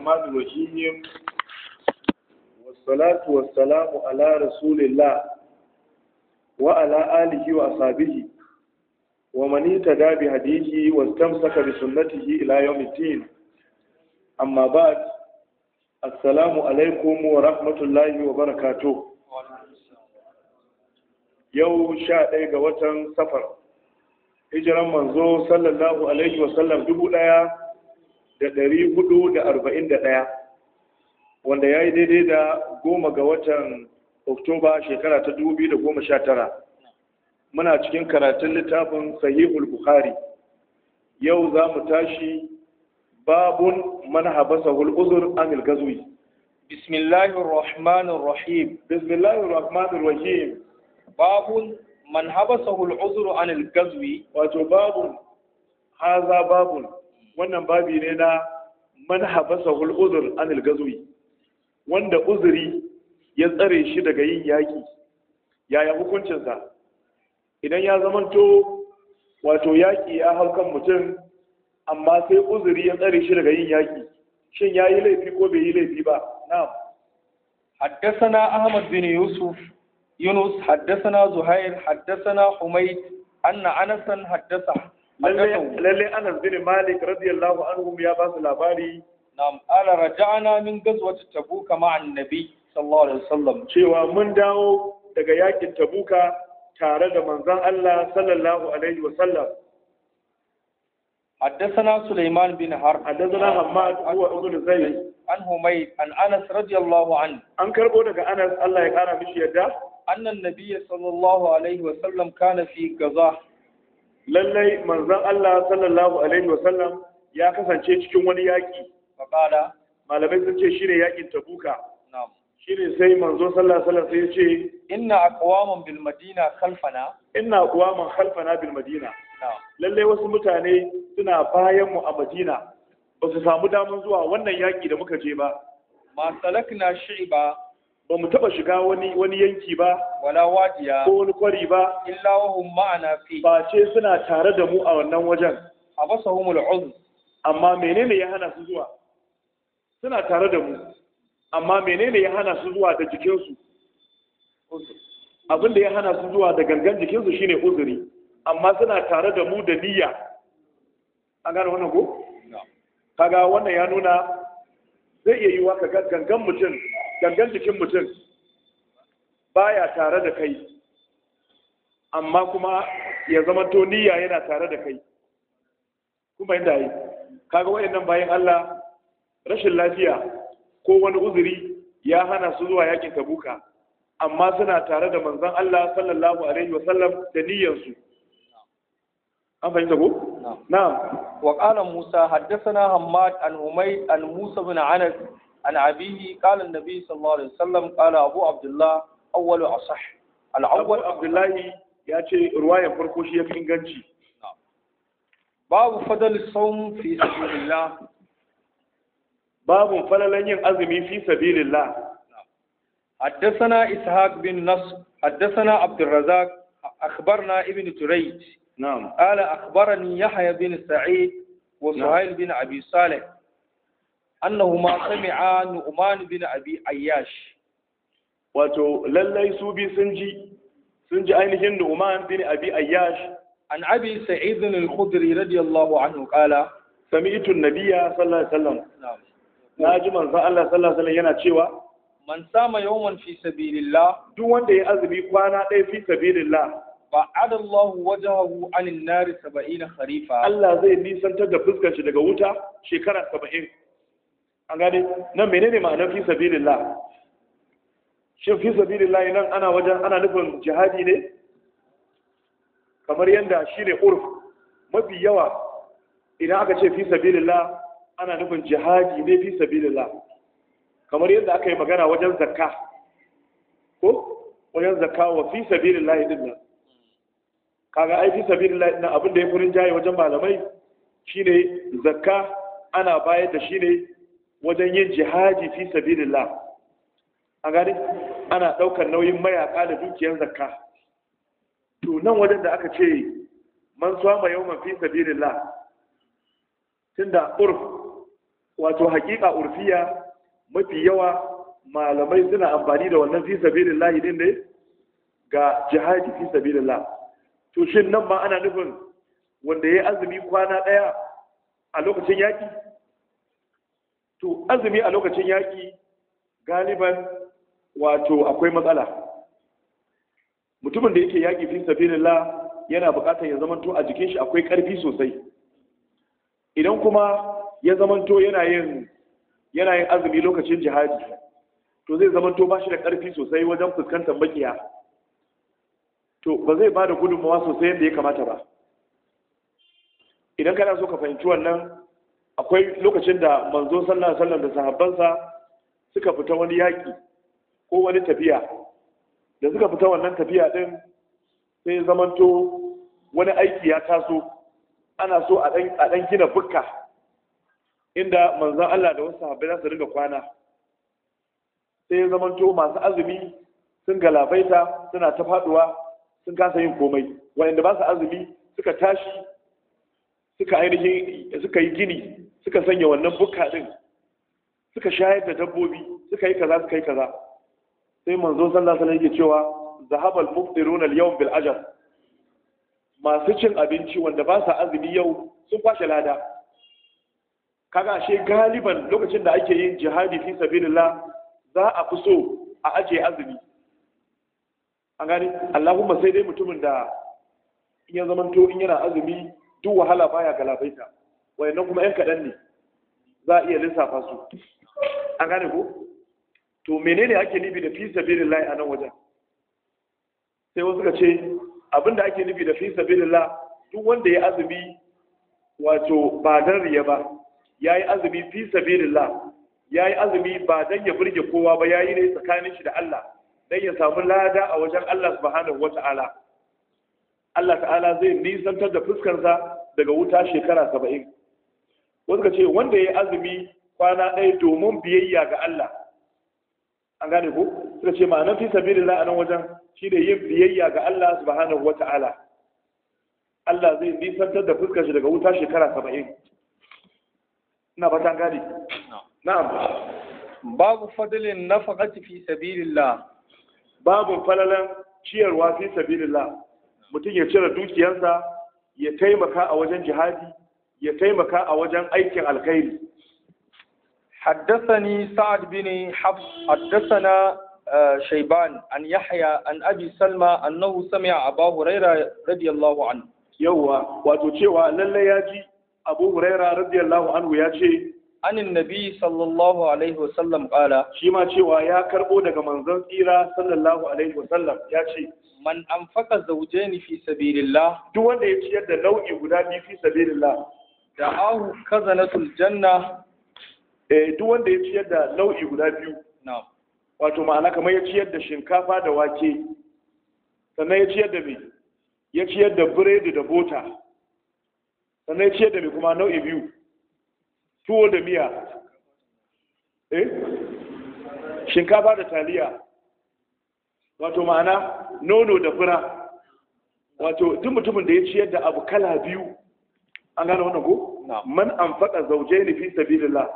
الرحمن الرحيم والصلاة والسلام على رسول الله وعلى آله وأصحابه ومن اهتدى بهديه واستمسك بسنته إلى يوم الدين أما بعد السلام عليكم ورحمة الله وبركاته يوم شاء ga watan safar hijiran manzo sallallahu alaihi wasallam dubu ɗaya da ɗari hudu da arba'in da ɗaya wanda ya yi daidai da goma ga watan oktoba shekara ta dubu da goma sha tara muna cikin karatun littafin sahihul bukhari yau za mu tashi babun man habasa hul uzur amil gazwi bismillahir rahmanir rahim bismillahir rahmanir rahim babun man habasa hul uzur anil gazwi wato babun haza babun wannan babi ne na man habasa uzur anil gazwi wanda uzuri ya tsare shi daga yin yaki yaya hukuncinsa idan ya zamanto wato yaki ya hau mutum amma sai uzuri ya tsare shi daga yin yaki shin ya yi laifi ko bai yi laifi ba na'am haddasana ahmad bin yusuf yunus haddasana zuhair haddasana Anna anna anasan haddasa. lalle anas bin malik radiyallahu anhu ya ba su labari na'am ala raja'na min ghazwati tabuka ma'a annabi sallallahu alaihi wasallam cewa mun dawo daga yakin tabuka tare da manzon Allah sallallahu alaihi wasallam حدثنا سليمان بن حرب حدثنا حماد هو ابن زيد عن حميد عن انس رضي الله عنه an karbo daga anas Allah ya kara mishi yadda annan nabiyyi sallallahu alaihi wasallam kana fi gaza lallai manzon Allah sallallahu alaihi wasallam ya kasance cikin wani yaƙi faƙada malamai sun ce shine yaƙin tabuka na'am shine sai manzo sallallahu alaihi wasallam sai ya ce inna aqwaman bil madina khalfana inna aqwaman khalfana bil madina lallai wasu mutane suna bayan mu a madina ba su samu damar zuwa wannan yaƙi da muka je ba ma salakna shi'ba ba mu taba shiga wani wani yanki ba wala wadiya ko wani kwari ba illa wahum ma'ana fi ba ce suna tare da mu a wannan wajen abasahumul uzm amma menene ya hana su zuwa suna tare da mu amma menene ya hana su zuwa da jikinsu abin da ya hana su zuwa da gangan jikinsu shine uzuri amma suna tare da mu da niyya an gane wannan ko kaga wannan ya nuna zai iya yiwa ka gangan mutum gangan jikin mutum baya tare da kai amma kuma ya zama toniya yana tare da kai kuma inda yi kaga waɗannan bayan Allah rashin lafiya ko wani uzuri ya hana su zuwa yakin tabuka amma suna tare da manzon Allah sallallahu alaihi wasallam da niyyarsu an fahimta ko na'am wa qala Musa haddasa na, an Humayd an Musa bin Anas عن أبيه قال النبي صلى الله عليه وسلم قال أبو عبد الله أول أصح الأول أبو عبد الله يأتي رواية فرقوشية يكي إنجانشي باب فضل الصوم في سبيل الله باب فضل ين أزمي في سبيل الله حدثنا إسحاق بن نصر حدثنا عبد الرزاق أخبرنا ابن تريج نعم قال أخبرني يحيى بن سعيد وسهيل بن أبي صالح annahuma sami'a nu'man bin abi ayyash wato lallai su bi sun ji sun ji ainihin nu'man bin abi ayyash an abi sa'id al-khudri radiyallahu anhu qala sami'tu an-nabiyya sallallahu alaihi wasallam na ji manzo Allah sallallahu alaihi wasallam yana cewa man sama yawman fi sabilillah duk wanda ya azumi kwana ɗaya fi sabilillah ba'ada Allah wajahu anin nari 70 kharifa Allah zai nisantar da fuskar shi daga wuta shekara 70 an gane nan menene ma'anar fi sabilillah shin fi sabilillah nan ana wajen ana nufin jihadi ne kamar yadda shi ne urf mafi yawa idan aka ce fi sabilillah ana nufin jihadi ne fi sabilillah kamar yadda aka yi magana wajen zakka ko wajen zakka wa fi sabilillah din nan kaga ai fi sabilillah din abin da ya furin jaye wajen malamai shine zakka ana bayar da shi ne wajen yin jihadi fi sabilillah a gani ana ɗaukar nauyin mayaka da dukiyar zakka to nan wajen da aka ce man swama yawman fi sabilillah tunda urf wato hakika urfiya mafi yawa malamai suna amfani da wannan fi sabilillah din ne ga jihadi fi sabilillah to shin nan ma ana nufin wanda ya azumi kwana daya a lokacin yaki to azumi a lokacin yaƙi galiban wato akwai matsala mutumin da yake yaƙi fi sabilillah yana buƙatar ya zamanto a jikin shi akwai ƙarfi sosai idan kuma ya zamanto yana yin yana yin azumi lokacin jihadi to zai zamanto ba shi da ƙarfi sosai wajen fuskantar makiya to ba zai ba da gudunmawa sosai yadda ya kamata ba idan kana so ka fahimci wannan akwai lokacin da manzo sallallahu alaihi wasallam da sahabbansa suka fita wani yaƙi ko wani tafiya da suka fita wannan tafiya din sai zamanto wani aiki ya taso ana so a dan gina bukka inda manzon Allah da wasu sahabbai za su riga kwana sai zamanto masu azumi sun galabaita suna ta faduwa sun kasa yin komai wanda ba su azumi suka tashi suka ainihin suka yi gini suka sanya wannan bukka din suka shayar da dabbobi suka yi kaza suka yi kaza sai manzo sallallahu alaihi yake cewa zahabal muftiruna al-yawm bil ajr masu cin abinci wanda ba sa azumi yau sun kwashe lada kaga ashe galiban lokacin da ake yin jihadi fi sabilillah za a fi so a aje azumi an gani allahumma sai dai mutumin da in ya zamanto in yana azumi duk wahala baya galabaita wayannan kuma yan kaɗan ne za a iya lissafa su an gane ko to menene ake nufi da fi lai a nan wajen sai wasu ka ce abinda ake nufi da fi la duk wanda ya azumi wato ba dan riya ba yi azumi fi ya yi azumi ba dan ya burge kowa ba ya yi ne tsakanin shi da Allah dan ya samu lada a wajen Allah subhanahu wata'ala Allah ta'ala zai nisantar da fuskarsa daga wuta shekara saba'in wasu ka ce wanda ya yi azumi kwana ɗaya domin biyayya ga Allah an gane ko suka ce ma'anar fi sabilillah a nan wajen shi da yin biyayya ga Allah subhanahu wa ta'ala Allah zai nisantar da fuskar shi daga wuta shekara saba'in ina fatan gane na'am babu fadilin nafaqati fi sabilillah babu falalan ciyarwa fi sabilillah mutum ya cire dukiyarsa ya taimaka a wajen jihadi ya taimaka a wajen aikin alkhairi حدثني سعد بن حفص حدثنا an Yahya an abi Salma سلمى انه سمع ابا هريره رضي الله عنه يوا wato cewa lalle yaji Abu Huraira radiyallahu anhu ya ce anin nabi sallallahu alaihi wasallam kala shi ma cewa ya karbo daga manzon tsira sallallahu alaihi wasallam ya ce man anfaqa zawjaini fi sabilillah duk wanda ya ciyar da nau'i guda biyu fi sabilillah da ahu kazanatul janna eh duk wanda ya ciyar da nau'i guda biyu na'am wato ma'ana kamar ya ciyar da shinkafa da wake sannan ya ciyar da me ya ciyar da biredi da bota sannan ya ciyar da me kuma nau'i biyu tuwo da miya eh shinkafa da taliya wato ma'ana nono da fura wato duk mutumin da ya ciyar da abu kala biyu an gane wannan ko man zaujai zawjayn fi sabilillah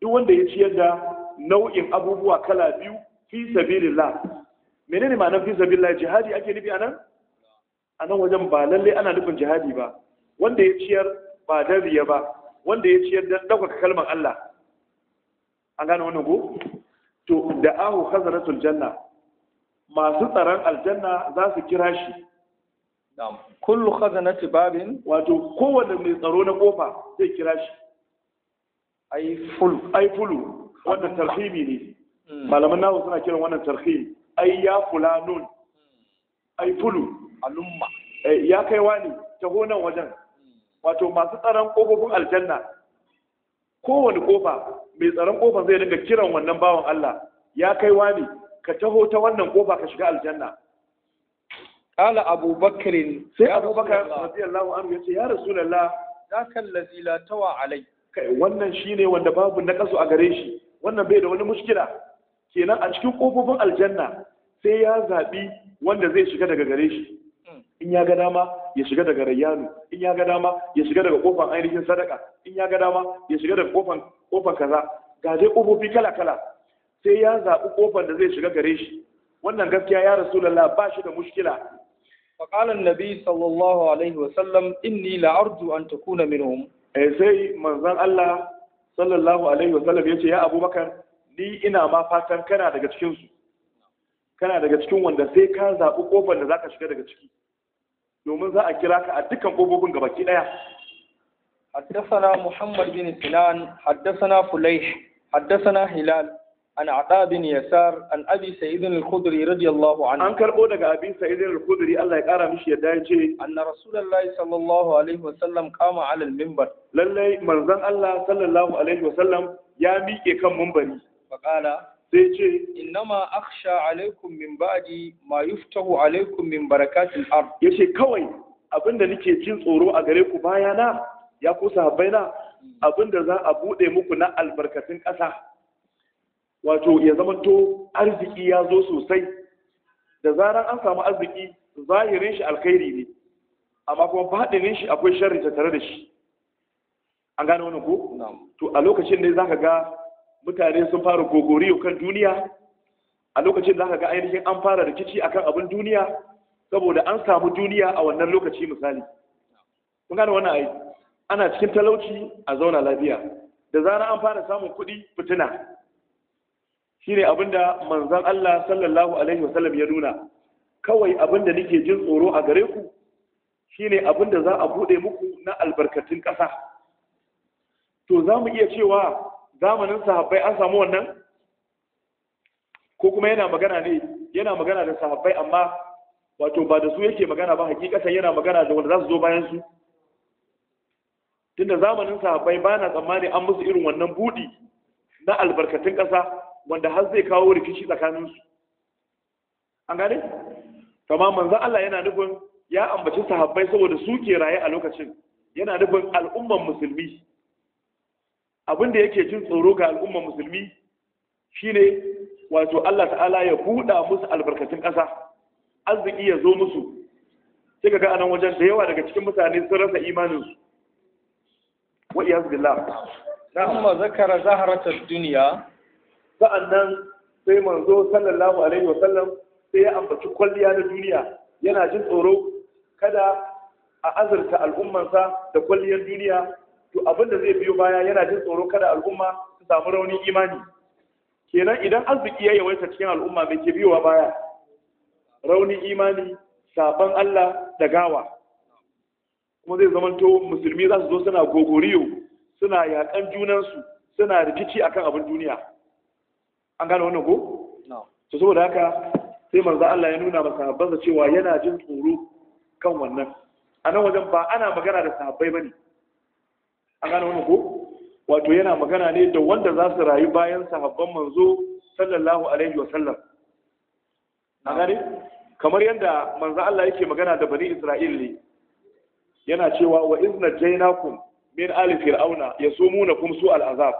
duk wanda ya ciyar da nau'in abubuwa kala biyu fi sabilillah menene ma'anar fi sabilillah jihadi ake nufi anan anan wajen ba lalle ana nufin jihadi ba wanda ya ciyar ba dan riya ba wanda ya ciyar da, ɗaukaka kalmar Allah an gane wannan ko to da ahu janna masu tsaron aljanna za su kira shi kullu khazanati babin wato kowanne mai tsaro na kofa zai kira shi ai fulu ai fulu wannan tarhimi ne hmm. malaman nawo suna kiran wannan tarhimi ai ya fulanun hmm. ai fulu alumma eh, ya kai wani taho nan wajen hmm. wato masu tsaron kofofin aljanna kowane kofa mai tsaron kofa zai dinga kiran wannan bawan Allah ya kai wani ka taho ta wannan kofa ka shiga aljanna Kala Abu Bakrin sai Abu Bakar radiyallahu anhu yace ya Rasulullah zaka allazi la tawa alai kai wannan shine wanda babu nakasu a gare shi wannan bai da wani mushkila kenan a cikin kofofin aljanna sai ya zaɓi wanda zai shiga daga gare shi in ya ga dama ya shiga daga rayyanu in ya ga dama ya shiga daga kofan ainihin sadaka in ya ga dama ya shiga daga kofan kofan kaza ga dai kofofi kala kala sai ya zaɓi kofan da zai shiga gare shi wannan gaskiya ya rasulullah ba shi da mushkila فقال النبي صلى الله عليه وسلم إني لأرجو أن تكون منهم eh, sai manzon Allah sallallahu alaihi wasallam yace ya Abubakar ni ina ma fatan kana daga cikin su kana daga cikin wanda sai ka zabi kofar da zaka shiga daga ciki domin za a kira ka a dukkan kofofin gabaki daya حدثنا محمد بن سنان حدثنا فليح حدثنا Hilal. an ada bin yasar an abi sa'id al-khudri an karbo daga abin sa'id al-khudri Allah ya kara mishi yadda ya ce anna rasulullahi sallallahu alaihi wasallam qama ala al-minbar lalle manzon Allah sallallahu alaihi wasallam ya miƙe kan minbari faqala sai ce innama akhsha alaikum min ba'di ma yuftahu alaikum min barakatil ard yace kawai abinda nake cin tsoro a gare ku bayana ya ku sahabbaina abinda za a bude muku na albarkatun ƙasa wato ya zamanto arziki ya zo sosai da zaran an samu arziki zahirin shi alkhairi ne amma kuma baɗinin shi akwai sharri tattare da shi an gane wani ko to a lokacin ne zaka ga mutane sun fara gogori kan duniya a lokacin zaka ga ainihin an fara rikici akan abin duniya saboda an samu duniya a wannan lokaci misali kun gane wannan ai ana cikin talauci a zauna lafiya da zarar an fara samun kuɗi fitina shine abinda manzon Allah sallallahu alaihi wasallam ya nuna kawai abinda nake jin tsoro a gare ku shine abinda za a bude muku na albarkatun ƙasa to za mu iya cewa zamanin sahabbai an samu wannan ko kuma yana magana ne yana magana da sahabbai amma wato ba da su yake magana ba hakikatan yana magana da wanda za su zo bayan su tunda zamanin sahabbai ba na tsammani an musu irin wannan budi na albarkatun ƙasa wanda har zai kawo rikici tsakaninsu an gane? kama Manzo Allah yana nufin ya ambaci sahabbai saboda su ke raye a lokacin yana nufin al'umman musulmi abin da yake jin tsoro ga al'umman musulmi shine wato Allah ta'ala ya buɗa musu albarkatun ƙasa arziki ya zo musu sai ka ga anan wajen da yawa daga cikin mutane sun rasa imaninsu wa iyaz billah ثم zakara zaharatu dunya sa'annan sai manzo sallallahu alaihi wa sallam sai ya ambaci kwalliya na duniya yana jin tsoro kada a azurta al'ummansa da kwalliyar duniya to abin da zai biyo baya yana jin tsoro kada al'umma su samu raunin imani kenan idan arziki ya yawaita cikin al'umma mai ke biyowa baya raunin imani sabon Allah da gawa kuma zai zamanto musulmi za su zo suna gogoriyo suna yakan junansu suna rikici akan abin duniya an gane wannan ko to saboda haka sai manzo Allah ya nuna masa sahabbansa cewa yana jin tsoro kan wannan a nan wajen ba ana magana da sahabbai bane an gane wannan ko wato yana magana ne da wanda za su rayu bayan sahabban manzo sallallahu alaihi wa sallam an gane kamar yadda manzo Allah yake magana da bani Isra'il ne yana cewa wa izna jainakum min ali fir'auna kum su al'azab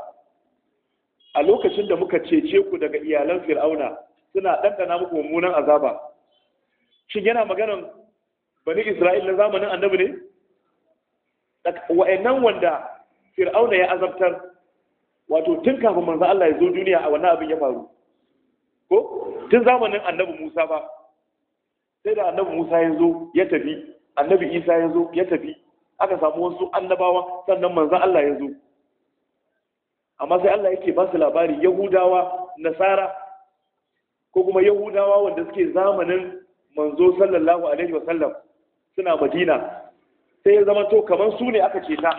a lokacin da muka cece ku daga iyalan fir'auna suna ɗanɗana muku mummunan azaba shin yana maganan bani isra'il na zamanin annabi ne wa'annan wanda fir'auna ya azabtar wato tun kafin manzo Allah ya zo duniya a wannan abin ya faru ko tun zamanin annabi Musa ba sai da annabi Musa ya zo ya tafi annabi Isa ya zo ya tafi aka samu wasu annabawa sannan manzo Allah ya zo amma sai Allah yake ba su labari yahudawa nasara ko kuma yahudawa wanda suke zamanin manzo sallallahu alaihi wasallam suna madina sai ya zama to kamar su ne aka ce ta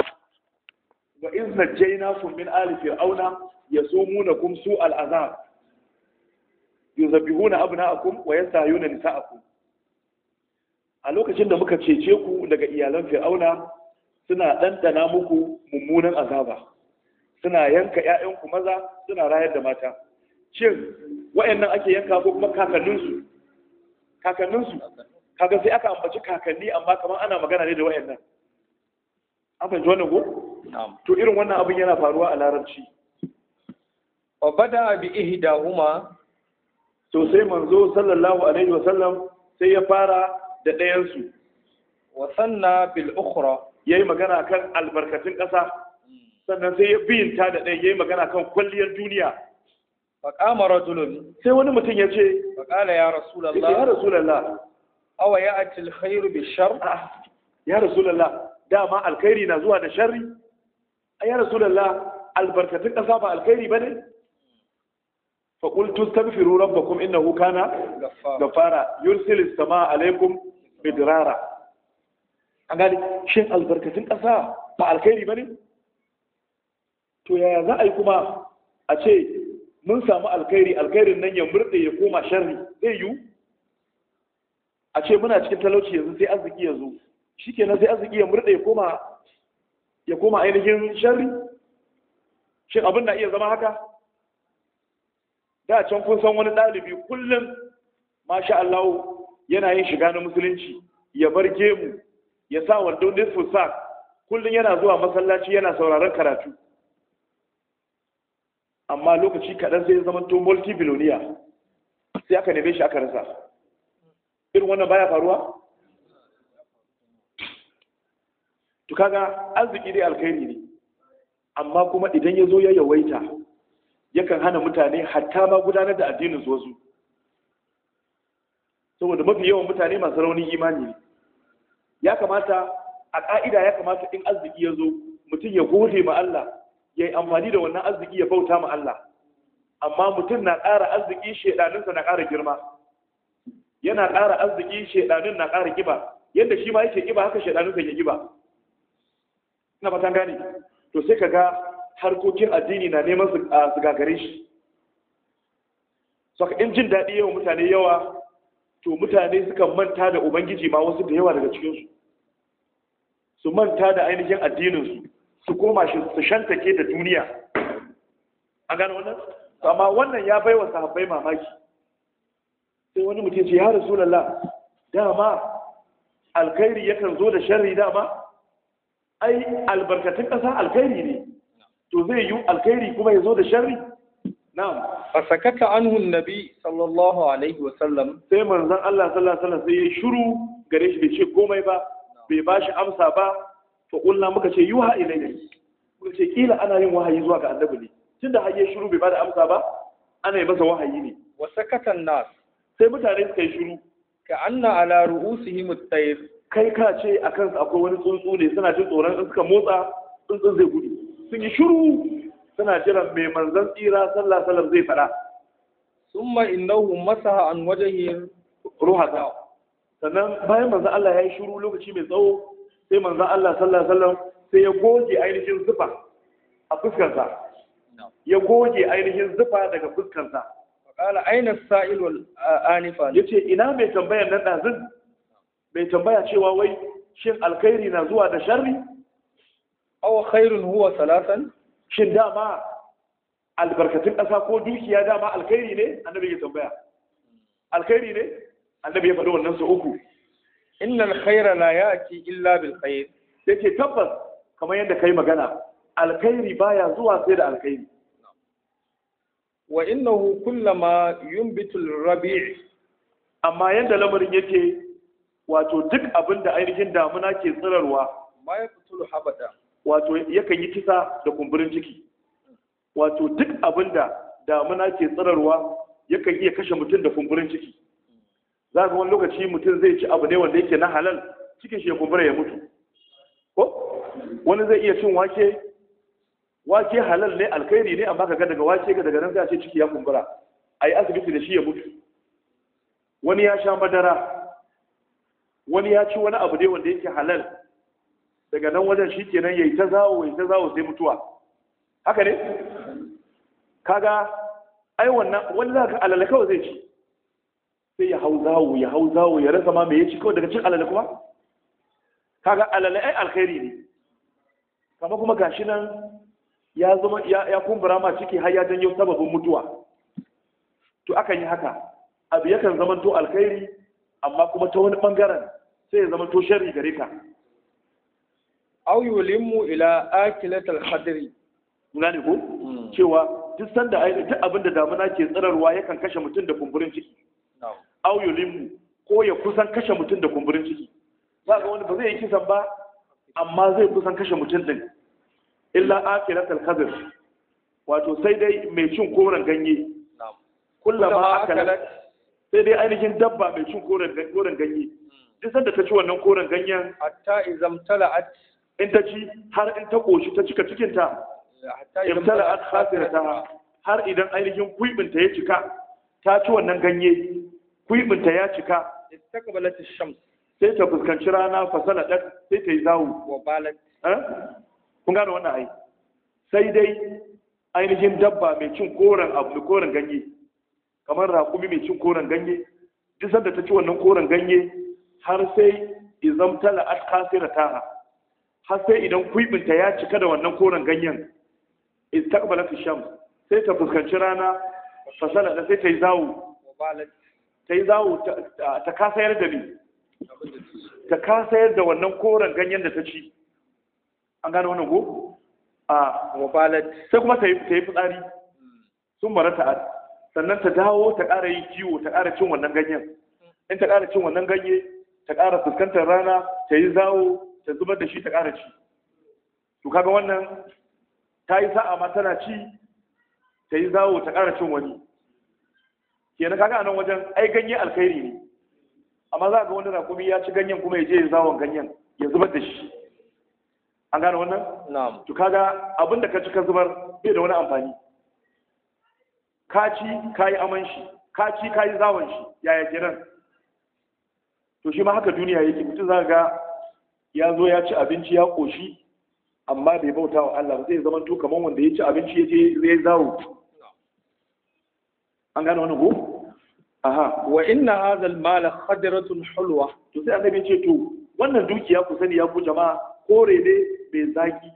wa in najjaynakum min ali fir'auna kum su al'azab yuzabihuna abna'akum wa yastahyuna nisa'akum a lokacin da muka cece ku daga iyalan fir'auna suna dandana muku mummunan azaba suna yanka 'ya'yanku maza suna rayar da mata shin wayannan ake yanka ko kuma kakanninsu kakanninsu kaga sai aka ambaci kakanni amma kamar ana magana ne da wayannan. Amma ji wannan ko to irin wannan abin yana faruwa a larabci wa bada bi ihdahuma to sai manzo sallallahu alaihi wa sallam sai ya fara da ɗayansu wa sanna bil ukhra yayi magana kan albarkatun ƙasa sannan sai ya biyinta da ɗan yayi magana kan kwalliyar duniya faƙama rajulun sai wani mutum ya ce faƙala ya rasulallah ya rasulallah awa ya atil khairu bi shar ah, ya rasulallah dama alkhairi na zuwa da sharri a ya rasulallah albarkatun ƙasa ba alkhairi ba ne fa qultu astaghfiru rabbakum innahu kana ghaffara yursilis samaa alaikum bidrara an gani shin albarkatun ƙasa ba alkhairi bane? to yaya za a yi kuma a ce mun samu alkhairi alkhairin nan ya murɗe ya koma sharri zai yiwu a ce muna cikin talauci yanzu sai arziki ya zo shikenan sai arziki ya murɗe ya koma ainihin sharri shin abin na iya zama haka da can kun san wani ɗalibi kullum masha Allah yana yin shiga na musulunci ya bar gemu ya sa wando nisfu sa kullum yana zuwa masallaci yana sauraron karatu amma lokaci kaɗan sai zama to multi-billionaire sai aka neme shi aka rasa irin wannan baya faruwa to kaga arziki dai alkhairi ne amma kuma idan ya zo ya yawaita yakan hana mutane hatta ma gudanar da addinin su wasu saboda mafi yawan mutane masu raunin imani ya kamata a ƙa'ida ya kamata in arziki ya zo mutum ya gode ma Allah ya yi amfani da wannan arziki ya bauta ma Allah amma mutum na ƙara arziki shaidaninsa na ƙara girma yana ƙara arziki shaidanin na ƙara giba yadda shi ma yake giba haka shaidaninsa ya giba ina fatan gane to sai ka ga harkokin addini na neman su gagare shi saka in jin daɗi yawa mutane yawa to mutane sukan manta da ubangiji ma wasu da yawa daga cikinsu su manta da ainihin addininsu su koma shi su shantake da duniya an gano wannan amma wannan ya baiwa sahabbai mamaki sai wani mutum ce ya rasulullah dama alkhairi yakan zo da sharri dama ai albarkatun ƙasa alkhairi ne to zai yi alkhairi kuma ya zo da sharri na'am sakaka anhu nabi sallallahu alaihi wa sallam sai manzon Allah sallallahu alaihi wa sallam sai ya shiru gare shi bai ce komai ba bai bashi amsa ba fa muka ce yuha ilayka muka ce ƙila ana yin wahayi zuwa ga annabi ne tunda har ya shiru bai bada amsa ba ana yi masa wahayi ne wa katan nas sai mutane suka yi shiru ka anna ala ru'usihim at-tayr kai ka ce a kansu akwai wani tsuntsu ne suna jin tsoron in suka motsa tsuntsun zai gudu sun yi shiru suna jiran mai Manzan tsira sallah alaihi zai faɗa. fada summa innahu masa an yin ruhaka. sannan bayan manzon Allah ya yi shiru lokaci mai tsawo sai manzan Allah sallallahu alaihi wasallam sai ya goge ainihin zufa a fuskarsa ya goge ainihin zufa daga fuskarsa qala aina sa'il wal anifa yace ina mai tambayar nan dazin mai tambaya cewa wai shin alkhairi na zuwa da sharri aw khairun huwa salatan shin dama albarkatun kasa ko dukiya dama alkhairi ne annabi ya tambaya hmm. alkhairi ne annabi ya faɗi wannan su uku innal khaira la ya'ti illa bil khair yace tabbas kamar yadda kai magana alkhairi baya zuwa sai da alkhairi wa innahu kullama yunbitu rabi' amma yadda lamarin yake wato duk abin da ainihin damuna ke tsirarwa ma ya fitu habada wato yakan yi kisa da kumburin ciki wato duk abin da damuna ke tsirarwa yakan iya kashe mutum da kumburin ciki za ga wani lokaci mutum zai ci abu ne wanda yake na halal cikin shi ya kumbura ya mutu ko wani zai iya cin wake wake halal ne alkhairi ne amma kaga daga wake ga daga nan a ce ciki ya kumbura A yi asibiti da shi ya mutu wani ya sha madara wani ya ci wani abu ne wanda yake halal daga nan wajen shi kenan yi ta zawo yi ta zawo sai mutuwa haka ne kaga ai wannan wani za ka kawai zai ci sai ya hau zawo ya hau zawo ya rasa ma me ya ci kawai daga cin alale kuma kaga alale ai alkhairi ne kama kuma gashi nan ya zama ya kumbura ma ciki har ya janyo sababin mutuwa to akan yi haka abu yakan zama to alkhairi amma kuma ta wani bangaren sai ya zama to sharri gare ka aw ila akilat al na ko hmm. cewa duk sanda duk abinda damuna ke tsirarwa yakan kashe mutum da kumburin ciki au yulimu ko ya kusan kashe mutum da kumburin ciki za ga wani ba zai yi kisan ba amma zai kusan kashe mutum din illa akilat al-khazir wato sai dai mai cin koren ganye kullama akalat sai dai ainihin dabba mai cin koren ganye hmm. duk sanda ta ci wannan koren ganyen hatta izam tala'at in ta ci har in ta koshi ta cika cikinta in tala'at khasirata har idan ainihin kuibinta ya cika ta ci wannan ganye kuibinta ya cika istaqbalat ash sai ta fuskanci rana fasala dat sai ta yi zawo wa balat eh? kun gane wannan ai sai dai ainihin dabba mai cin koren abu mai koren ganye kamar raƙumi mai cin koren ganye duk sanda ta ci wannan koren ganye har sai izam tala at kasira taha har sai idan kuibinta ya cika da wannan koren ganyen istaqbalat ash-shams sai ta fuskanci rana fasala sai ta yi zawo wa ta yi zawo ta kasayar da ni ta kasayar da wannan koren ganyen da ta ci an gano wannan ko a wabalat sai kuma ta yi fitsari sun mara ta'ad sannan ta dawo ta ƙara yi kiwo ta ƙara cin wannan ganyen in ta ƙara cin wannan ganye ta ƙara fuskantar rana ta yi zawo ta zubar da shi ta ƙara ci to kaga wannan ta yi sa'a ma tana ci ta yi zawo ta ƙara cin wani kenan kaga anan nan wajen ai ganye alkhairi ne amma za ga wani rakumi ya ci ganyen kuma ya je ya zawon ganyen ya zubar da shi an gane wannan na'am to kaga abin da ka ci ka zubar bai da wani amfani ka ci ka yi aman shi ka ci ka yi zawon shi yaya kenan to shi ma haka duniya yake mutum za ga ya zo ya ci abinci ya koshi amma bai bauta wa Allah ba zai zama to kamar wanda ya ci abinci ya je zai zawo an gane wani ko aha wa inna hadha mala khadratun hulwa to sai annabi ce to wannan dukiya ku sani ya ku jama'a kore ne bai zaki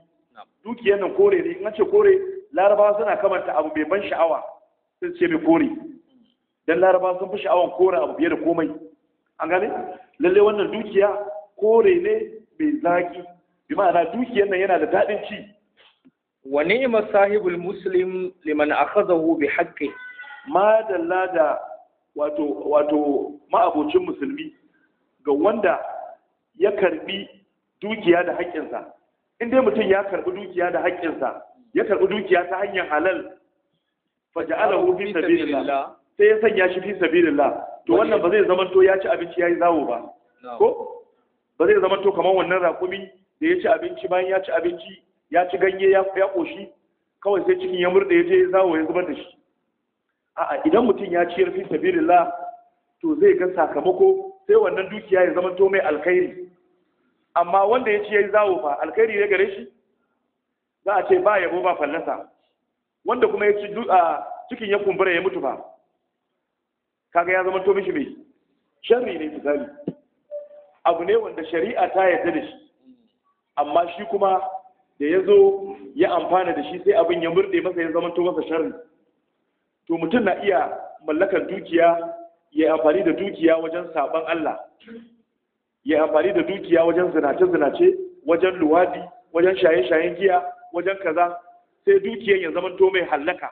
dukiyar nan kore ne in an ce kore larabawa suna kamanta abu bai ban sha'awa sun ce mai kore dan larabawa sun fi sha'awan kore abu fiye da komai an gane lalle wannan dukiya kore ne bai zaki bi ma'ana dukiyar nan yana da daɗin ci wa ni'mat sahibul muslim liman akhadahu bi haqqihi madalla da wato wato ma'abocin musulmi ga wanda ya karbi dukiya da haƙƙinsa in dai mutum ya karbi dukiya da haƙƙinsa ya karbi dukiya ta hanyar halal alahu fi sabilillah sai ya sanya shi fi sabilillah to wannan ba zai zama to ya ci abinci yayi zawo ba ko ba zai zama to kamar wannan rakumi da ya ci abinci bayan ya ci abinci ya ci ganye ya koshi kawai sai cikin ya murde ya je zawo ya zubar da shi a'a idan mutum ya ciyar fi sabilillah to zai ga sakamako sai wannan dukiya ya zama to mai alkhairi amma wanda ya ci yayi zawo fa alkhairi ne gare shi za a ce ba yabo ba fallasa wanda kuma ya ci cikin ya kumbura ya mutu ba kaga ya zama to mishi mai sharri ne misali abu ne wanda shari'a ta yarda da shi amma shi kuma da ya zo ya amfana da shi sai abin ya murde masa ya zama to masa sharri to mutum na iya mallakar dukiya ya amfani da dukiya wajen saban Allah ya amfani da dukiya wajen zinace-zinace wajen luwadi wajen shaye-shayen giya wajen kaza sai dukiyan ya zama to mai hallaka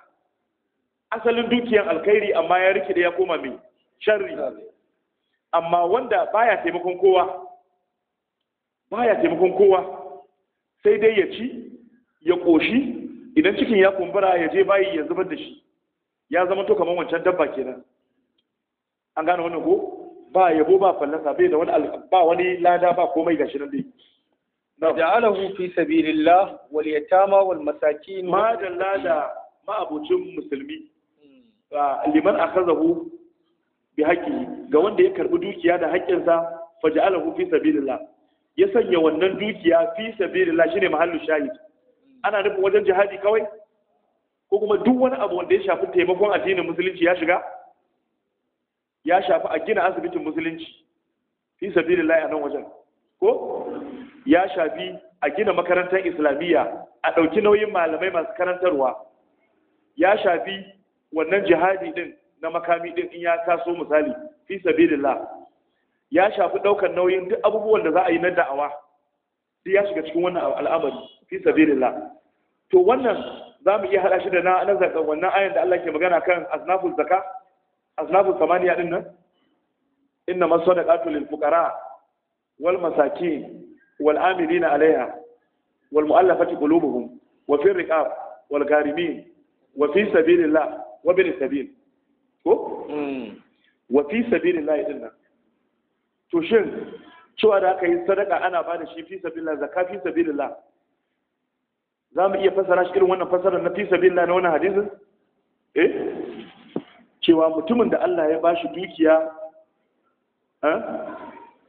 asalin dukiyan alkhairi amma ya rikide ya koma mai sharri amma wanda baya taimakon kowa baya taimakon kowa sai dai ya ci ya koshi idan cikin ya kumbura ya je bayi ya zubar da shi ya zama to kamar wancan dabba kenan an gane wannan ko ba yabo ba fallasa bai da wani ba wani lada ba komai gashi nan dai ja'alahu fi sabilillah wal yatama wal masakin ma da lada ma abucin musulmi hmm. liman akazahu bi haƙƙi ga wanda ya karbi dukiya da haƙƙinsa faja'alahu fi sabilillah ya sanya wannan dukiya fi sabilillah shine mahallu shahid hmm. ana nufin wajen jihadi kawai ko kuma duk wani abu wanda ya shafi taimakon addinin musulunci ya shiga ya shafi a gina asibitin musulunci fi sabilillahi a nan wajen ko ya shafi a gina makarantar islamiyya a ɗauki nauyin malamai masu karantarwa ya shafi wannan jihadi din na makami din in ya taso misali fi sabilillah ya shafi ɗaukar nauyin duk abubuwan da za a yi na da'awa duk ya shiga cikin wannan al'amari fi sabilillah to wannan za mu iya haɗa shi da na nazarta wannan ayan da Allah ke magana kan asnaful zaka asnaful samaniya din nan inna masadaqatu lil fuqara wal masakin wal na alaiha wal mu'allafati qulubuhum wa fi riqab wal garimin wa fi sabilillah wa bin sabil ko hmm. wa fi sabilillah din nan to shin cewa da aka yi sadaka ana bada shi fi sabilillah zakka fi sabilillah za mu iya fasara shi irin wannan fassarar na fisa na wani hadisin eh cewa mutumin da Allah ya bashi dukiya eh?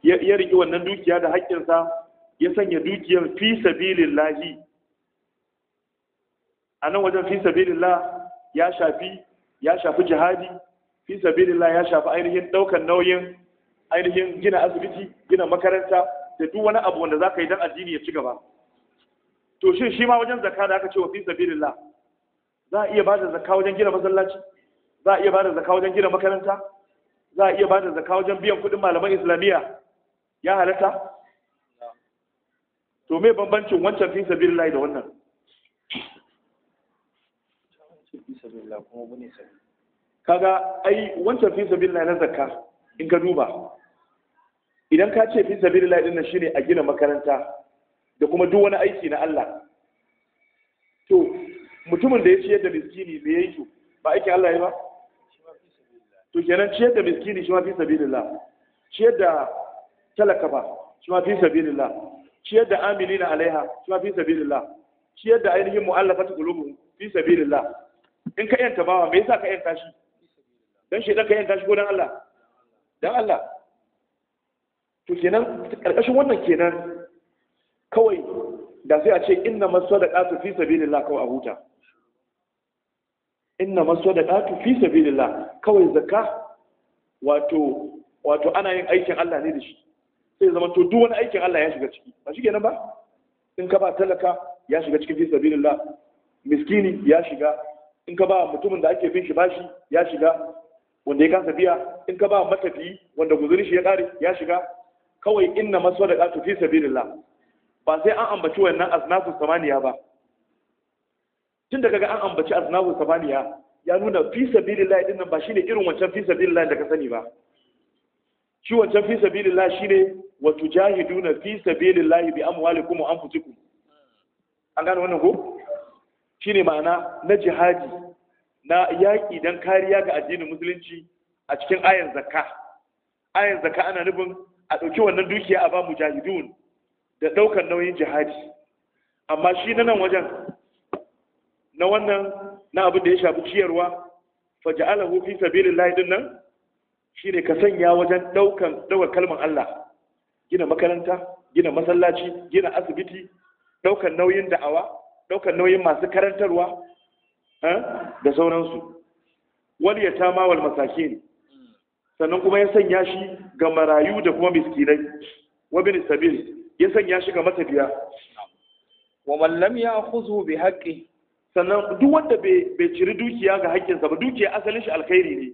ya riƙe wannan dukiya da haƙƙinsa ya sanya dukiyar fi sabilillahi a nan wajen fi sabilillah ya shafi ya shafi jihadi fi sabilillah ya shafi ainihin ɗaukar nauyin ainihin gina asibiti gina makaranta da duk wani abu wanda za ka yi don addini ya ci gaba to shi shi ma wajen zakka da aka ce wa fi sabilillah za a iya bada zakka wajen gina masallaci za a iya bada zakka wajen gina makaranta za a iya bada zakka wajen biyan kuɗin malaman islamiyya ya halatta to me bambancin wancan fi sabilillah da wannan kaga ai wancan fi sabilillah na zakka in ka duba idan ka ce fi sabilillah din nan shine a gina makaranta da kuma duk wani aiki na Allah to mutumin da ya ciyar da miskini me yake ba aikin Allah ya ba to kenan ciyar da miskini shi ma fi sabilillah ciyar da talaka ba shi ma fi sabilillah ciyar da na alaiha shi ma fi sabilillah ciyar da ainihin mu'allafatu qulubuhum fi sabilillah in ka yanta bawa me yasa ka yanta shi dan shedan ka yanta shi ko dan Allah dan Allah to kenan karkashin wannan kenan kawai da sai a ce inna masadaqatu fi sabilillah kawai a huta inna masadaqatu fi sabilillah kawai zaka wato wato ana yin aikin Allah ne da shi sai zama to duk wani aikin Allah ya shiga ciki ba nan ba in ka ba talaka ya shiga cikin fi sabilillah miskini ya shiga in ka ba mutumin da ake bin shi bashi ya shiga wanda ya kasa biya in ka ba matafi wanda guzuri shi ya kare ya shiga kawai inna masadaqatu fi sabilillah ba sai an ambaci wannan asnafu samaniya ba tun da kaga an ambaci asnafu samaniya ya nuna fi sabilillah din nan ba shine irin wancan fi sabilillah da ka sani ba shi wancan fi sabilillah shine wa tujahiduna fi sabilillah bi amwalikum wa anfusikum an gane wannan ko shine ma'ana na jihadi na yaƙi don kariya ga addinin musulunci a cikin ayan zakka ayan zakka ana nufin a ɗauki wannan dukiya a ba mujahidun da ɗaukar nauyin jihadi amma shi na nan wajen na wannan na abin da ya shafi ciyarwa faja'alahu fi sabilillahi din nan shine ka sanya wajen ɗaukan ɗaukar kalmar Allah gina makaranta gina masallaci gina asibiti ɗaukar nauyin da'awa ɗaukar nauyin masu karantarwa eh, da sauransu wal ma wal ne, sannan kuma ya sanya shi ga marayu da kuma miskinai wa bin ya sanya shi ga matafiya wa mallam ya khuzu bi haqqi sannan duk wanda bai ciri dukiya ga haƙƙinsa ba dukiya asalin shi alkhairi ne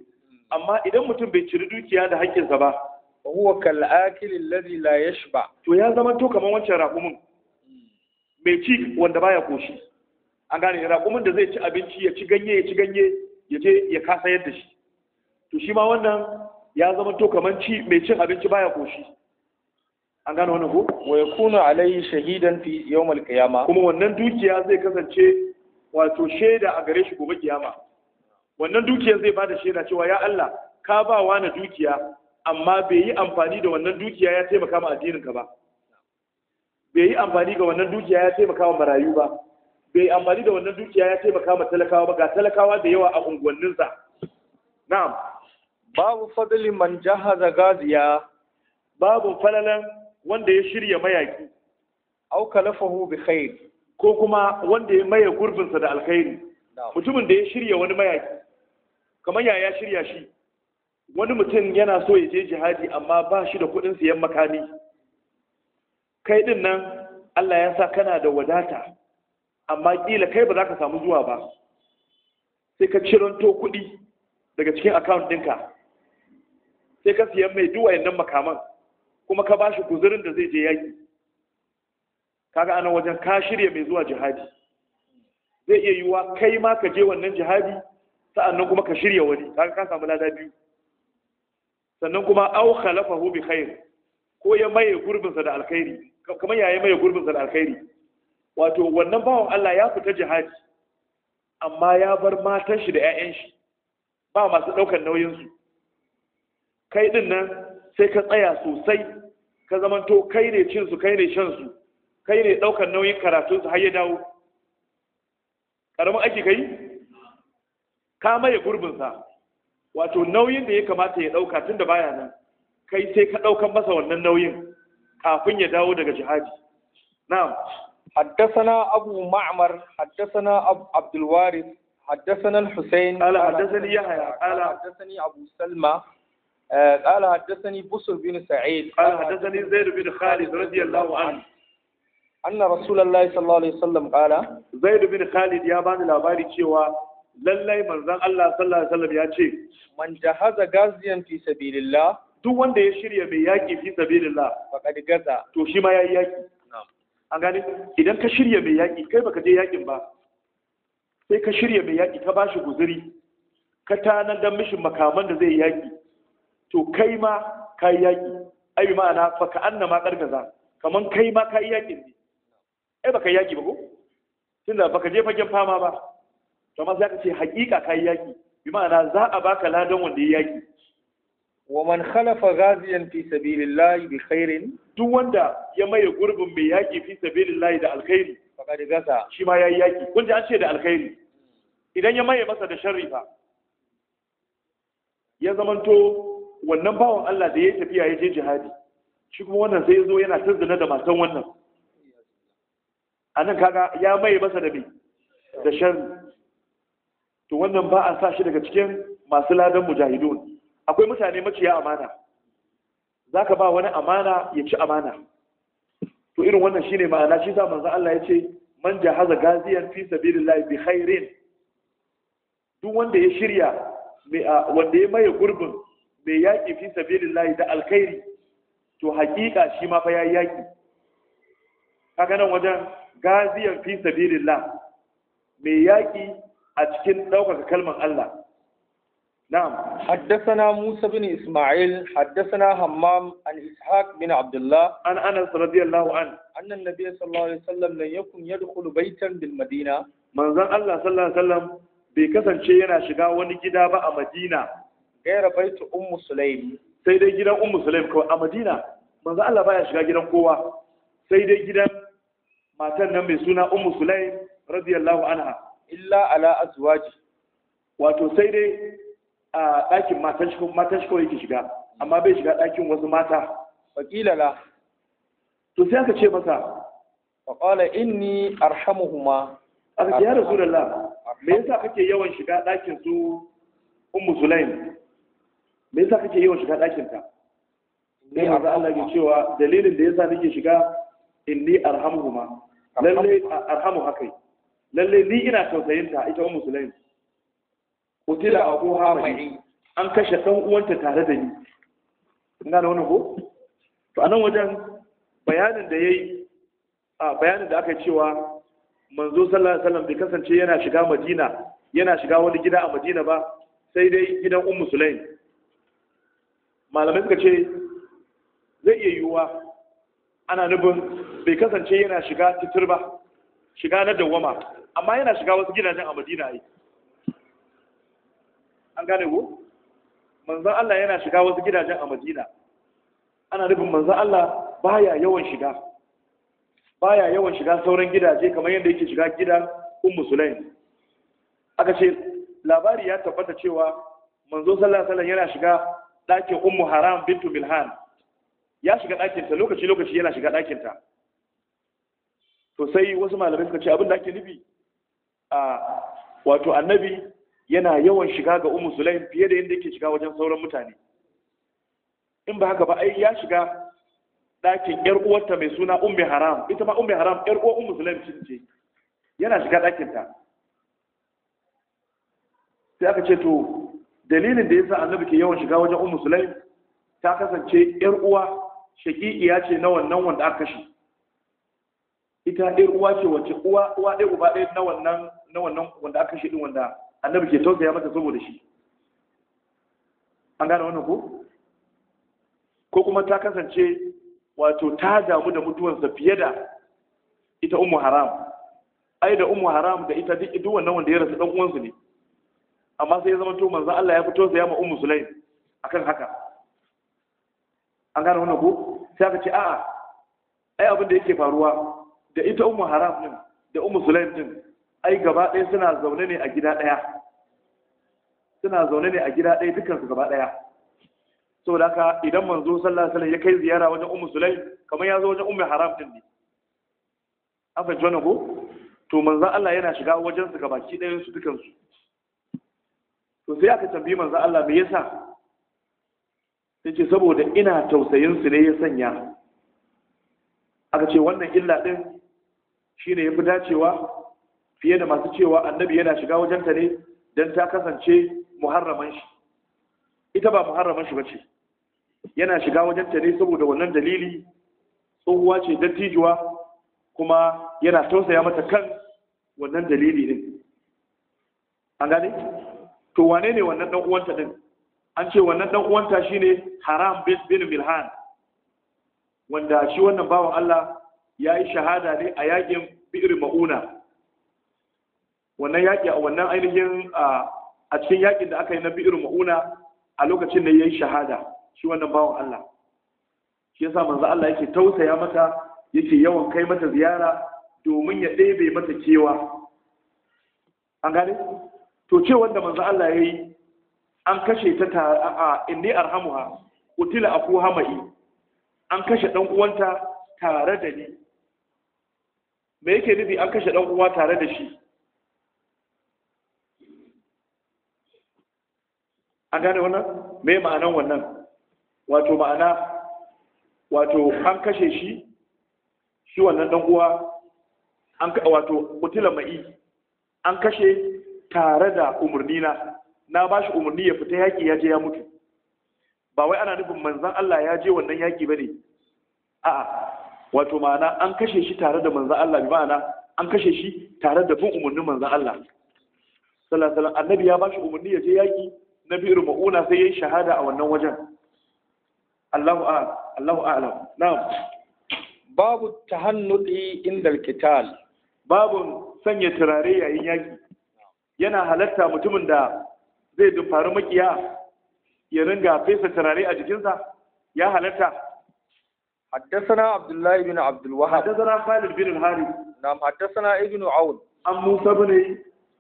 amma idan mutum bai ciri dukiya da haƙƙinsa ba huwa kal akil alladhi la yashba to ya zama to kamar wancan raƙumin bai ci wanda baya koshi an gane raƙumin da zai ci abinci ya ci ganye ya ci ganye ya je ya kasa yadda shi to shi ma wannan ya zama to kamar ci mai cin abinci baya koshi an gano wani ko wa yakunu alayhi shahidan fi yawmal qiyama kuma wannan dukiya zai kasance wato shaida a gare shi gobe kiyama wannan dukiyar zai bada shaida cewa ya Allah ka ba wa na dukiya amma bai yi amfani da wannan dukiya ya taimaka ma addinin ka ba bai yi amfani ga wannan dukiya ya taimaka ma marayu ba bai amfani da wannan dukiya ya taimaka ma talakawa ba ga talakawa da yawa a unguwanninsa na'am babu fadlin man jahaza gaziya babu falalan wanda ya shirya mayaki aw kalafahu bi khair ko kuma wanda ya maye gurbinsa da alkhairi mutumin da ya shirya wani mayaki kamar ya ya shirya shi wani mutum yana so ya je jihadi amma ba shi da kuɗin siyan makami kai din nan Allah ya sa kana da wadata amma kila kai ba za ka samu zuwa ba sai ka ciranto kuɗi daga cikin account ɗinka sai ka siyan mai duwayen nan makaman kuma ka bashi guzurin da zai je yaki kaga ana wajen ka shirya mai zuwa jihadi zai iya yiwuwa kai ma ka je wannan jihadi sa'annan kuma ka shirya wani kaga ka samu lada biyu sannan kuma aw khalafahu bi khair ko ya maye gurbinsa da alkhairi kamar yaya maye gurbinsa da alkhairi wato wannan bawan Allah ya fita jihadi amma ya bar matan shi da 'ya'yan shi ba masu ɗaukan nauyin su kai din nan sai ka tsaya sosai ka to kai ne cin su kai ne shan su kai ne daukar nauyin karatu su har ya dawo karamin aiki kai ka maye gurbin sa wato nauyin da ya kamata ya dauka tun da baya nan kai sai ka daukan masa wannan nauyin kafin ya dawo daga jihadi na'am حدثنا أبو معمر حدثنا أبو عبد الوارث حدثنا الحسين قال حدثني يحيى قال حدثني أبو Salma. قال حدثني بصر بن سعيد قال حدثني زيد بن خالد رضي الله عنه أن رسول الله صلى الله عليه وسلم قال زيد بن خالد يا بني لاباري cewa lallai manzon Allah sallallahu alaihi wasallam ya ce man jahaza gaziyan fi sabilillah duk wanda ya shirya mai yaki fi sabilillah faqad gaza to shi ma yayi yaki an gane idan ka shirya mai yaki kai baka je yakin ba sai ka shirya mai yaki ka bashi guzuri ka tanan dan mishin makaman da zai yaki to kai ma ka yi yaƙi ai ma'ana fa ka anna ma ƙarƙaza kaman kai ma ka yi yaƙin ne ai ka yi yaƙi ba ko tunda ka je fagen fama ba to amma za ka ce haƙiƙa ka yi yaƙi bi ma'ana za a baka ladan wanda ya yaƙi wa man khalafa ghaziyan fi sabilillahi bi khairin duk wanda ya maye gurbin mai yaƙi fi sabilillahi da alkhairi faqad gasa. shi ma yayi yaƙi kun ji an ce da alkhairi idan ya maye masa da sharri fa ya zamanto wannan bawan Allah da ya tafiya ya je jihadi shi kuma wannan sai ya zo yana tazzana da matan wannan a nan kaga ya maye masa da mai da shan to wannan ba a sa shi daga cikin masu ladan mujahidun akwai mutane mace ya amana za ka ba wani amana ya ci amana to irin wannan shine ma'ana shi sa manzan Allah ya ce man jahaza gaziyan fi sabilillahi bi khairin duk wanda ya shirya wanda ya maye gurbin bai yaƙi fi sabilin layi da alkhairi to hakika shi mafa ya yaƙi haganan wajen gaziyar fi sabilin la mai yaƙi a cikin ɗaukaka kalmar Allah na'am haddasana musa bin isma'il haddasana hammam an ishaq bin abdullah an anas radiyallahu an annan nabiyyi sallallahu alaihi wasallam lan yakun yadkhulu baitan bil madina manzon allah sallallahu alaihi bai kasance yana shiga wani gida ba a madina gaira baitu ummu sulaim sai dai gidan ummu sulaim kawai a madina manzo Allah baya shiga gidan kowa sai dai gidan matan nan mai suna ummu sulaim radiyallahu anha illa ala azwaji wato sai dai a ɗakin matan shi matan shi kawai yake shiga amma bai shiga ɗakin wasu mata faqila la to sai aka ce masa faqala inni arhamuhuma aka ya rasulullah me yasa kake yawan shiga dakin su ummu sulaim me yasa kake yawan shiga ɗakin ka sai manzo Allah ke cewa dalilin da yasa nake shiga inni arhamuhuma lalle arhamu hakai lalle ni ina tausayin ta ita ummu sulaim kutila abu hamai an kashe dan uwanta tare da ni ina da wannan ko to anan wajen bayanin da yayi a bayanin da aka cewa manzo sallallahu alaihi wasallam bai kasance yana shiga madina yana shiga wani gida a madina ba sai dai gidan ummu sulaim malamai suka ce zai iya yiwuwa ana nufin bai kasance yana shiga titir ba shiga na dawama amma yana shiga wasu gidajen a madina yi an gane ku manzan Allah yana shiga wasu gidajen a madina ana nufin manzan Allah baya yawan shiga baya yawan shiga sauran gidaje kamar yadda yake shiga gidan ummu sulaim aka ce labari ya tabbata cewa manzo sallallahu alaihi wasallam yana shiga ɗakin ummu haram bintu milhan ya shiga ɗakinta lokaci lokaci yana shiga ɗakinta to sai wasu malamai suka ce abin da ake nufi a wato annabi yana yawan shiga ga ummu sulaim fiye da yadda yake shiga wajen sauran mutane in ba haka ba ai ya shiga ɗakin yar uwarta mai suna ummi haram ita ma ummi haram yar uwar ummu sulaim ce yana shiga ɗakinta sai aka ce to dalilin da yasa annabi ke yawan shiga wajen ummu sulaim ta kasance yar uwa shaqiqiya ce na wannan wanda aka kashe ita yar uwa ce wacce uwa uwa ɗaya uba ɗaya na wannan na wannan wanda aka kashe din wanda annabi ke tausaya mata saboda shi an gane wannan ko ko kuma ta kasance wato ta damu da mutuwarsa fiye da ita ummu haram ai da ummu haram da ita duk wannan wanda ya rasu dan uwansu ne amma sai ya zama to manzo Allah ya fito sai ya ma ummu sulaim akan haka an gane wannan ko sai aka ce a'a ai abin da yake faruwa da ita ummu haram din da ummu sulaim din ai gaba ɗaya suna zaune ne a gida ɗaya suna zaune ne a gida ɗaya su gaba ɗaya saboda haka idan manzo sallallahu alaihi wasallam ya kai ziyara wajen ummu sulaim kamar ya zo wajen ummu haram din ne an fahimci wannan ko to manzo Allah yana shiga wajen su gabaki ɗayan su dukansu to sai aka tambayi manzo Allah me yasa yace saboda ina tausayin su ne ya sanya aka ce wannan illa din shine yafi dacewa fiye da masu cewa annabi yana shiga wajenta ne dan ta kasance muharraman shi ita ba muharraman shi bace yana shiga wajenta ne saboda wannan dalili tsohuwa ce dattijuwa kuma yana tausaya mata kan wannan dalili din an gane to wane ne wannan dan uwanta din an ce wannan dan uwanta shine haram bin milhan wanda shi wannan bawan Allah ya yi shahada ne a yakin bi'ir ma'una wannan yaki a wannan ainihin a cikin yakin da aka yi na bi'ir ma'una a lokacin da ya yi shahada shi wannan bawan Allah shi yasa manzo Allah yake tausaya mata yake yawan kai mata ziyara domin ya ɗebe mata kewa an gane to ce wanda manzo Allah yayi an kashe ta ta a inni arhamuha utila aku hamai an kashe dan uwanta tare da ni me yake nufi an kashe dan uwa tare da shi an gane wannan me ma'anan wannan wato ma'ana wato an kashe shi shi wannan dan uwa an wato utila mai an kashe tare da umarni na na ba shi umarni ya fita yaƙi ya je ya mutu ba wai ana nufin manzan Allah ya je wannan yaƙi ba ne a'a wato ma'ana an kashe shi tare da manzan Allah bi ma'ana an kashe shi tare da bin umarnin manzan Allah sallallahu annabi ya ba shi umarni ya je yaƙi na bi ma'una sai ya yi shahada a wannan wajen Allahu a'lam Allahu a'lam na'am babu tahannudi inda al Babu sanya turare yayin yaƙi yana halatta mutumin da zai dufari makiya ya ringa fesa turare a jikinsa ya halatta حدثنا عبد الله بن عبد الوهاب حدثنا خالد بن الحارث نعم حدثنا ابن عون عن موسى بن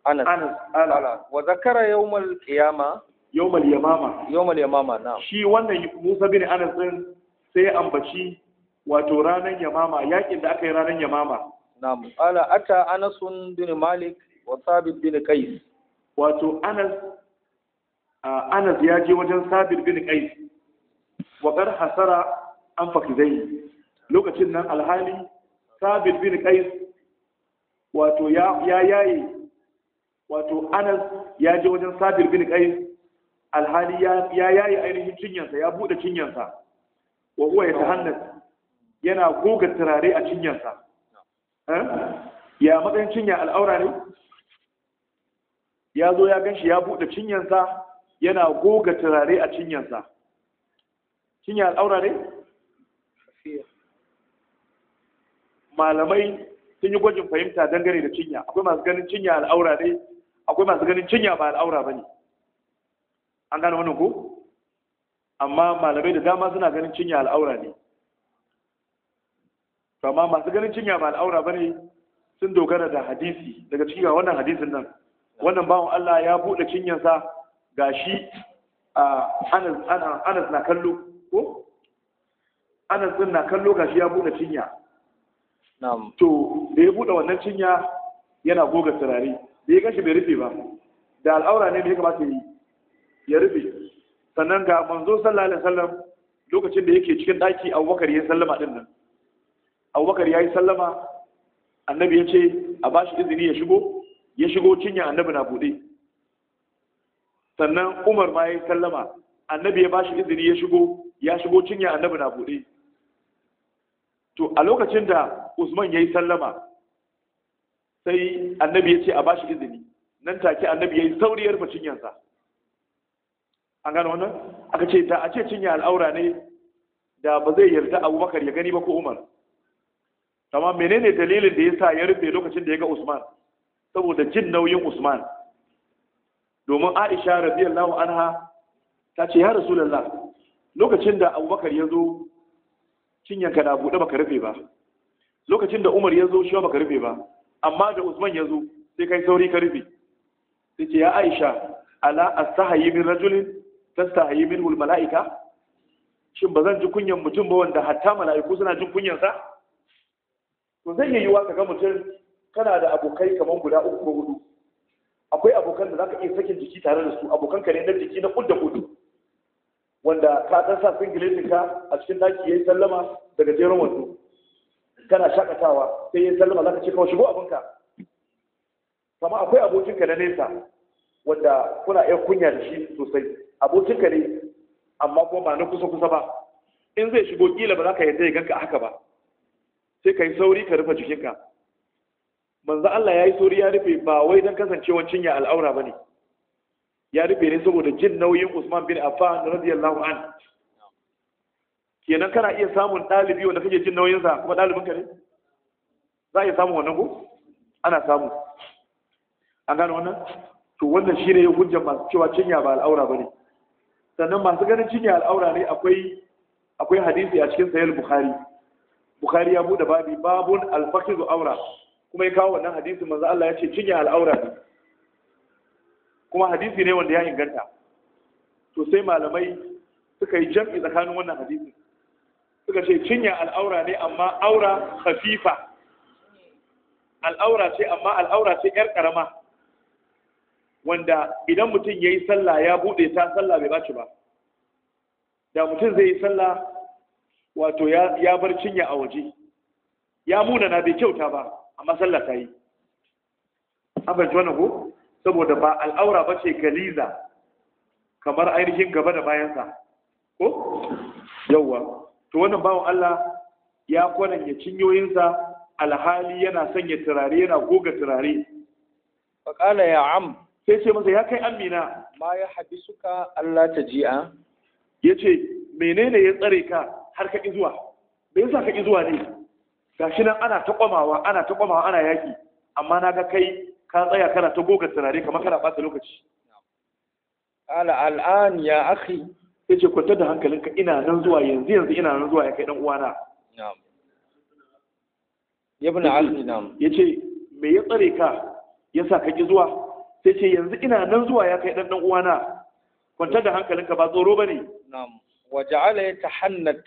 انس انس قال وذكر يوم القيامه يوم اليمامه يوم اليمامه نعم شي wannan Musa bin Anas sai ambaci wato ranan yamama yakin da aka yi ranan yamama na'am qala ata Anasun bin Malik wa sabit bin qais wato anas anas ya je wajen sabit bin qais wa qad hasara an fakizai lokacin nan alhali sabit bin qais wato ya yaye wato anas ya je wajen sabit bin qais alhali ya yaye ainihin cinyansa ya bude cinyansa wa huwa yatahannas yana goga turare a cinyansa eh? ya matsayin cinya al'aura ne ya zo ya ganshi ya buɗe cinyansa yana goga turare a cinyansa cinya al'aura ne malamai sun yi gwajin fahimta dangane da cinya akwai masu ganin cinya al'aura ne akwai masu ganin cinya ba al'aura ba ne an gane wannan ko amma malamai da dama suna ganin cinya al'aura ne amma masu ganin cinya ba al'aura ba ne sun dogara da hadisi daga cikin wannan hadisin nan wannan bawan Allah ya buɗe cinyansa ga shi anas na kallo ko anas ɗin na kallo ga shi ya buɗe cinya to da ya buɗe wannan cinya yana goga turare da ya gashi bai rufe ba da al'aura ne ya kamata yi ya rufe sannan ga manzo sallallahu alaihi wasallam lokacin da yake cikin daki abubakar ya sallama ɗin nan abubakar ya yi sallama annabi ya ce a bashi izini ya shigo ya shigo cinya annabi na buɗe sannan umar ma ya sallama annabi ya bashi izini ya shigo ya shigo cinya annabi na buɗe to a lokacin da usman ya yi sallama sai annabi ya ce a bashi izini nan take annabi ya yi sauriyar ba cinyansa an gano wannan aka ce da a ce cinya al'aura ne da ba zai yarda abubakar ya gani ba ko umar amma menene dalilin da ya sa ya rufe lokacin da ya ga usman saboda jin nauyin Usman domin Aisha radiyallahu anha ta ce ya Rasulullah lokacin da Abubakar ya zo cinyanka na buɗe baka rufe ba lokacin da Umar ya zo shi baka rufe ba amma da Usman ya zo sai kai sauri ka rufe sai ce ya Aisha ala astahayi min rajulin tastahayi min mala'ika shin ba zan ji kunyan mutum ba wanda hatta mala'iku suna jin kunyansa to zai yi yiwa ka ga mutum kana da abokai kamar guda uku ko hudu akwai abokan da zaka iya sakin jiki tare da su abokan ka ne na jiki na kudda kudu wanda ka dan sa singlet ka a cikin daki yayi sallama daga jeron wando kana shakatawa sai yayi sallama zaka ce kawai shigo abinka kama akwai abokin ka na nesa wanda kuna 'yan kunya da shi sosai abokin ka ne amma kuma ba na kusa kusa ba in zai shigo kila ba za ka yarda ya ganka haka ba sai ka yi sauri ka rufe jikinka manzo Allah ya yi sori ya rufe ba wai don kasancewar cinya al'aura ba ne ya rufe ne saboda jin nauyin Usman bin Affan radiyallahu an kenan kana iya samun ɗalibi wanda kake jin nauyinsa kuma ɗalibinka ne za a iya samun wannan ko ana samu an gano wannan to wannan shi ne hujjar masu cewa cinya ba al'aura ba ne sannan masu ganin cinya al'aura ne akwai akwai hadisi a cikin sahih bukhari bukhari ya bude babi babun al-fakhidhu awra kuma ya kawo wannan hadisin manzo Allah ya ce cinye al'aura ne kuma hadisi ne wanda ya inganta to sai malamai suka yi jam'i tsakanin wannan hadisin suka ce cinye al'aura ne amma aura khafifa al'aura ce amma al'aura ce yar karama wanda idan mutum ya yi sallah ya buɗe ta sallah bai baci ba da mutum zai yi sallah wato ya bar cinya a waje ya muna na bai kyauta ba a sallah ta yi an ko saboda ba al'aura ba ce galiza kamar ainihin gaba da bayansa ko yawwa to wannan bawan Allah ya ya cinyoyinsa alhali yana sanya turare yana goga turare faƙala ya am sai ce masa ya kai amina ma ya haɗi suka Allah ta ji'a ya ce menene ya tsare ka har ka ƙi zuwa me yasa ka ƙi zuwa ne gashi nan ana ta komawa ana ta komawa ana yaki amma na ga kai ka tsaya kana ta goga turare kamar kana bata lokaci ala al'an ya akhi yace kwanta da hankalinka ina nan zuwa yanzu yanzu ina nan zuwa ya kai dan uwana na'am ibn akhi na'am yace me ya tsare ka yasa ka ki zuwa sai ce yanzu ina nan zuwa ya kai dan dan uwana kwanta da hankalinka ba tsoro bane na'am wa ja'ala yatahannat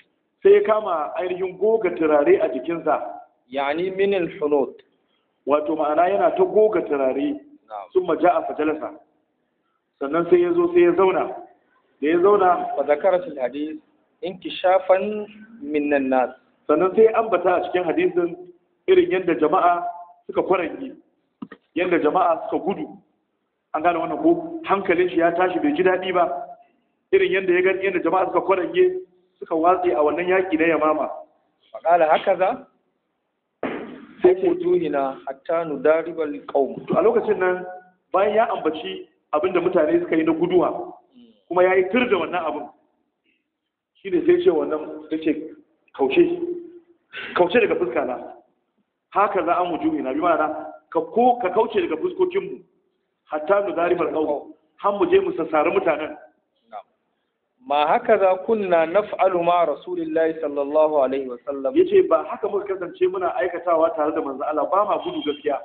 sai ya kama ainihin goga turare a jikinsa yani minin hunut wato ma'ana yana ta goga turare sun maja a fajalasa sannan sai ya zo sai ya zauna da ya zauna wa zakara in hadis shafan minnan nas sannan sai ambata a cikin hadisin irin yadda jama'a suka kwarange. yadda jama'a suka gudu an gane wannan ko hankalin shi ya tashi bai ji daɗi ba irin yadda ya gani yadda jama'a suka kwarange suka watse a wannan yaki na yamama faƙala haka za sai ko na, hatta nu daribal qaum a lokacin nan bayan ya ambaci abinda mutane suka yi na guduwa kuma ya yi tur da wannan abin shine sai ce wannan ta ce kauce Kaushe daga fuska na haka za an wujuhi na bi ma'ana ka ko ka kauce daga fuskokin mu hatta nu daribal qaum har mu je mu sassara mutanen ma haka za kunna naf'alu ma rasulillahi sallallahu alaihi wasallam yace ba haka muka kasance muna aikatawa tare da manzo Allah ba ma gudu gaskiya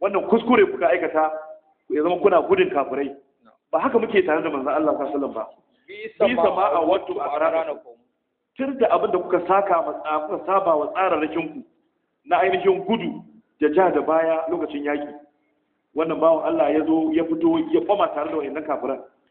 wannan kuskure kuka aikata ya zama kuna gudun kafirai ba haka muke tare da manzo Allah sallallahu alaihi wasallam ba bi sama a wato aranakum tir da abin da kuka saka ma kuka saba wa tsararrakin ku na ainihin gudu da ja da baya lokacin yaki wannan bawan Allah ya zo ya fito ya kwama tare da wayannan kafirai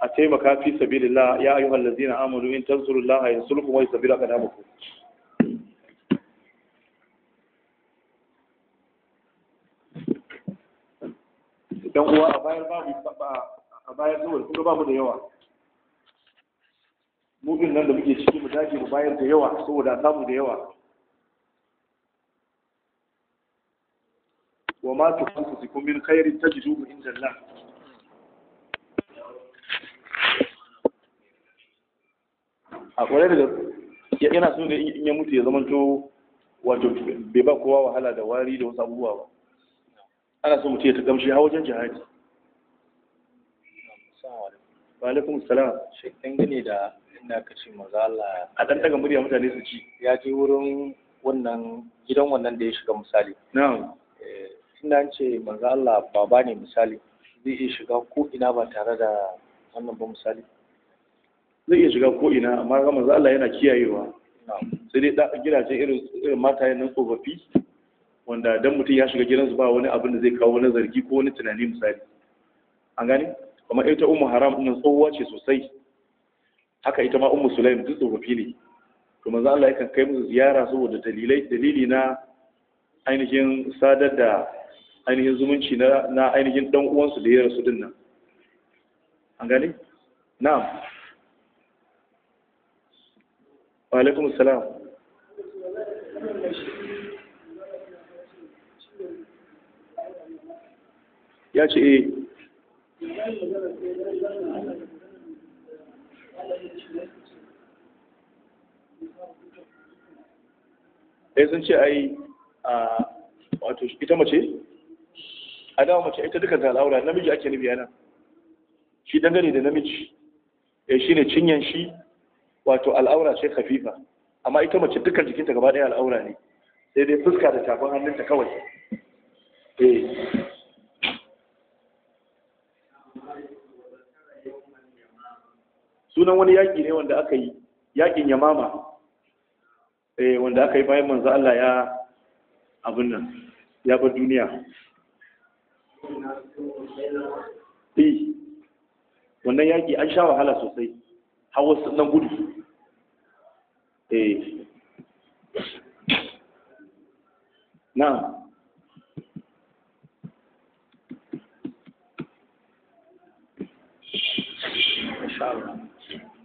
a taimaka fi sabilillah ya ayyuhal ladzina amanu in tansurullaha yansurkum wa damu aqdamakum dan uwa a bayar babu a bayar zuwa kuma babu da yawa mubin nan da muke ciki mu dage mu bayar da yawa saboda samu da yawa wa ma tukunfusikum min khairin tajiduhu inda Allah a kwarai daga yana so ne in ya mutu ya zama to wato bai ba kowa wahala da wari da wasu abubuwa ba ana so mutu ya ta gamshi a wajen jihadi alaikum salam shi dangane da inda ka ce maza Allah a dan daga murya mutane su ci ya je wurin wannan gidan wannan da ya shiga misali na'am tunda eh, ce maza Allah baba ne misali zai iya shiga ko ina ba tare da wannan ba misali zai iya shiga ko ina amma ga manzo Allah yana kiyayewa sai dai gidaje irin irin mataye nan tsofaffi wanda dan mutum ya shiga gidansu ba wani abin da zai kawo wani zargi ko wani tunani misali an gane kuma ita ummu haram din tsohuwa ce sosai haka ita ma ummu sulaim duk tsofaffi ne to manzo Allah yakan kai musu ziyara saboda dalilai dalili na ainihin sadar da ainihin zumunci na ainihin dan uwansu da ya rasu dinnan. an gane na'am wa alaikum salam ya ce eh sun ce ai a wato ita mace a dawa mace ita duka ta al'aura namiji ake nufi yana shi dangane da namiji Ya shi ne cinyan shi wato al'aura ce khafifa amma ita mace dukkan jikinta gaba ɗaya al'aura ne sai dai fuska da tafin hannunta kawai eh sunan wani yaƙi ne wanda aka yi yaƙin yamama eh wanda aka yi bayan manzo Allah ya abin nan ya bar duniya eh. wannan yaƙi an sha wahala sosai hawa sunan gudu eh na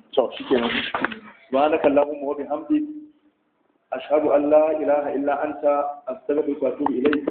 to shikenan subhanaka allahumma wa bihamdik ashhadu an la ilaha illa